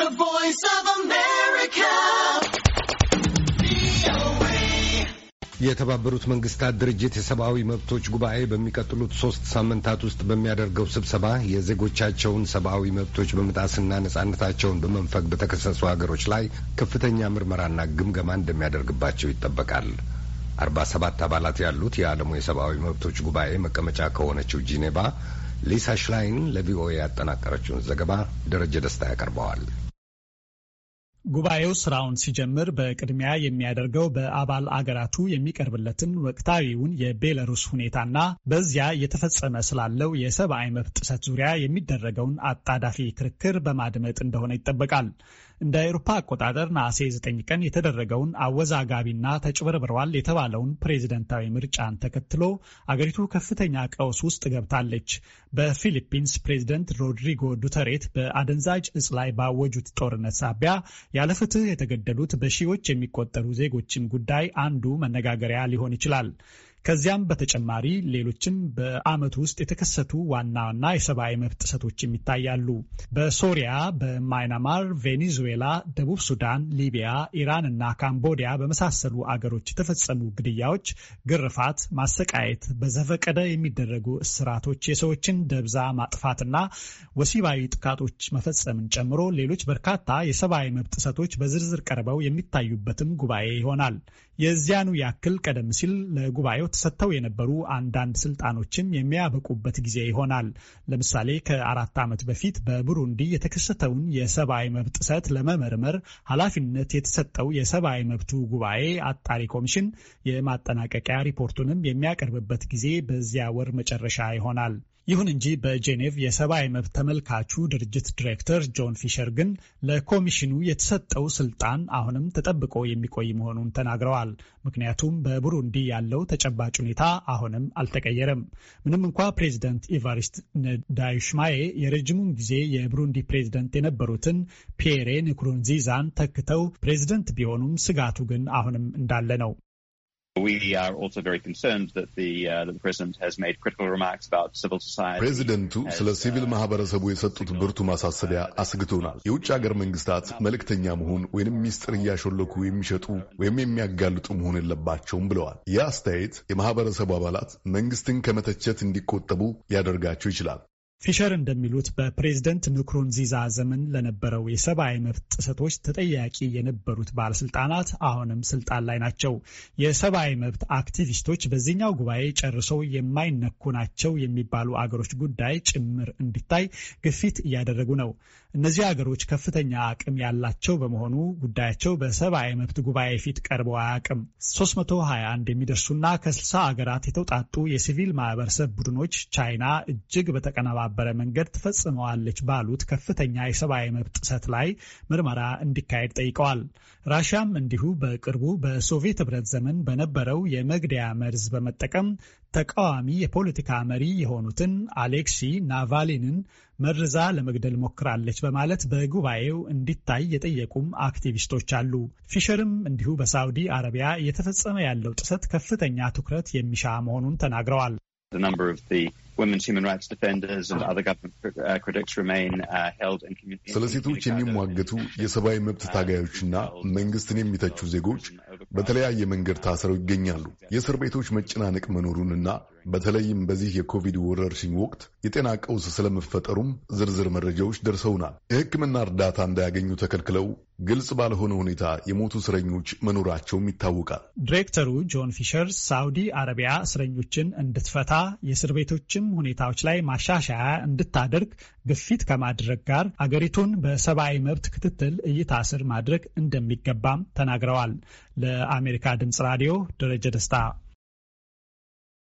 The Voice of America. የተባበሩት መንግስታት ድርጅት የሰብአዊ መብቶች ጉባኤ በሚቀጥሉት ሶስት ሳምንታት ውስጥ በሚያደርገው ስብሰባ የዜጎቻቸውን ሰብአዊ መብቶች በመጣስና ነጻነታቸውን በመንፈግ በተከሰሱ ሀገሮች ላይ ከፍተኛ ምርመራና ግምገማ እንደሚያደርግባቸው ይጠበቃል። አርባ ሰባት አባላት ያሉት የዓለሙ የሰብአዊ መብቶች ጉባኤ መቀመጫ ከሆነችው ጂኔቫ ሊሳ ሽላይን ለቪኦኤ ያጠናቀረችውን ዘገባ ደረጀ ደስታ ያቀርበዋል። ጉባኤው ስራውን ሲጀምር በቅድሚያ የሚያደርገው በአባል አገራቱ የሚቀርብለትን ወቅታዊውን የቤላሩስ ሁኔታና በዚያ እየተፈጸመ ስላለው የሰብአዊ መብት ጥሰት ዙሪያ የሚደረገውን አጣዳፊ ክርክር በማድመጥ እንደሆነ ይጠበቃል። እንደ አውሮፓ አቆጣጠር ነሐሴ 9 ቀን የተደረገውን አወዛጋቢና ተጭበርብረዋል የተባለውን ፕሬዝደንታዊ ምርጫን ተከትሎ አገሪቱ ከፍተኛ ቀውስ ውስጥ ገብታለች። በፊሊፒንስ ፕሬዝደንት ሮድሪጎ ዱተሬት በአደንዛዥ እጽ ላይ ባወጁት ጦርነት ሳቢያ ያለ ፍትህ የተገደሉት በሺዎች የሚቆጠሩ ዜጎችን ጉዳይ አንዱ መነጋገሪያ ሊሆን ይችላል። ከዚያም በተጨማሪ ሌሎችም በአመቱ ውስጥ የተከሰቱ ዋና ዋና የሰብአዊ መብት ጥሰቶች ይታያሉ። በሶሪያ፣ በማይናማር፣ ቬኔዙዌላ፣ ደቡብ ሱዳን፣ ሊቢያ፣ ኢራን እና ካምቦዲያ በመሳሰሉ አገሮች የተፈጸሙ ግድያዎች፣ ግርፋት፣ ማሰቃየት፣ በዘፈቀደ የሚደረጉ እስራቶች፣ የሰዎችን ደብዛ ማጥፋትና ወሲባዊ ጥቃቶች መፈጸምን ጨምሮ ሌሎች በርካታ የሰብአዊ መብት ጥሰቶች በዝርዝር ቀርበው የሚታዩበትም ጉባኤ ይሆናል። የዚያኑ ያክል ቀደም ሲል ለጉባኤው ሰጥተው የነበሩ አንዳንድ ስልጣኖችም የሚያበቁበት ጊዜ ይሆናል። ለምሳሌ ከአራት ዓመት በፊት በቡሩንዲ የተከሰተውን የሰብአዊ መብት ጥሰት ለመመርመር ኃላፊነት የተሰጠው የሰብአዊ መብቱ ጉባኤ አጣሪ ኮሚሽን የማጠናቀቂያ ሪፖርቱንም የሚያቀርብበት ጊዜ በዚያ ወር መጨረሻ ይሆናል። ይሁን እንጂ በጄኔቭ የሰብአዊ መብት ተመልካቹ ድርጅት ዲሬክተር ጆን ፊሸር ግን ለኮሚሽኑ የተሰጠው ስልጣን አሁንም ተጠብቆ የሚቆይ መሆኑን ተናግረዋል። ምክንያቱም በቡሩንዲ ያለው ተጨባጭ ሁኔታ አሁንም አልተቀየረም። ምንም እንኳ ፕሬዚደንት ኢቫሪስት ዳዩሽማዬ የረጅሙን ጊዜ የቡሩንዲ ፕሬዚደንት የነበሩትን ፒየሬ ንኩሩንዚዛን ተክተው ፕሬዚደንት ቢሆኑም ስጋቱ ግን አሁንም እንዳለ ነው። ፕሬዚደንቱ uh, ስለ uh, ሲቪል ማህበረሰቡ የሰጡት ብርቱ ማሳሰቢያ አስግቶናል። የውጭ ሀገር መንግስታት መልእክተኛ መሆን ወይንም ሚስጥር እያሾለኩ የሚሸጡ ወይም የሚያጋልጡ መሆን የለባቸውም ብለዋል። ይህ አስተያየት የማህበረሰቡ አባላት መንግስትን ከመተቸት እንዲቆጠቡ ሊያደርጋቸው ይችላል። ፊሸር እንደሚሉት በፕሬዝደንት ንኩሩንዚዛ ዘመን ለነበረው የሰብአዊ መብት ጥሰቶች ተጠያቂ የነበሩት ባለስልጣናት አሁንም ስልጣን ላይ ናቸው። የሰብአዊ መብት አክቲቪስቶች በዚህኛው ጉባኤ ጨርሰው የማይነኩ ናቸው የሚባሉ አገሮች ጉዳይ ጭምር እንዲታይ ግፊት እያደረጉ ነው። እነዚህ ሀገሮች ከፍተኛ አቅም ያላቸው በመሆኑ ጉዳያቸው በሰብአዊ መብት ጉባኤ ፊት ቀርበው አያውቅም። 321 የሚደርሱና ከ60 ሀገራት የተውጣጡ የሲቪል ማህበረሰብ ቡድኖች ቻይና እጅግ በተቀነባበረ መንገድ ትፈጽመዋለች ባሉት ከፍተኛ የሰብአዊ መብት ጥሰት ላይ ምርመራ እንዲካሄድ ጠይቀዋል። ራሽያም እንዲሁ በቅርቡ በሶቪየት ህብረት ዘመን በነበረው የመግደያ መርዝ በመጠቀም ተቃዋሚ የፖለቲካ መሪ የሆኑትን አሌክሲ ናቫሊንን መርዛ ለመግደል ሞክራለች በማለት በጉባኤው እንዲታይ የጠየቁም አክቲቪስቶች አሉ። ፊሸርም እንዲሁ በሳውዲ አረቢያ እየተፈጸመ ያለው ጥሰት ከፍተኛ ትኩረት የሚሻ መሆኑን ተናግረዋል። ስለ ሴቶች የሚሟገቱ የሰብአዊ መብት ታጋዮችና መንግስትን የሚተቹ ዜጎች በተለያየ መንገድ ታስረው ይገኛሉ። የእስር ቤቶች መጨናነቅ መኖሩንና በተለይም በዚህ የኮቪድ ወረርሽኝ ወቅት የጤና ቀውስ ስለመፈጠሩም ዝርዝር መረጃዎች ደርሰውናል። የሕክምና እርዳታ እንዳያገኙ ተከልክለው ግልጽ ባልሆነ ሁኔታ የሞቱ እስረኞች መኖራቸውም ይታወቃል። ዲሬክተሩ ጆን ፊሸር ሳውዲ አረቢያ እስረኞችን እንድትፈታ የእስር ቤቶችም ሁኔታዎች ላይ ማሻሻያ እንድታደርግ ግፊት ከማድረግ ጋር አገሪቱን በሰብአዊ መብት ክትትል እይታ ስር ማድረግ እንደሚገባም ተናግረዋል። ለአሜሪካ ድምፅ ራዲዮ ደረጀ ደስታ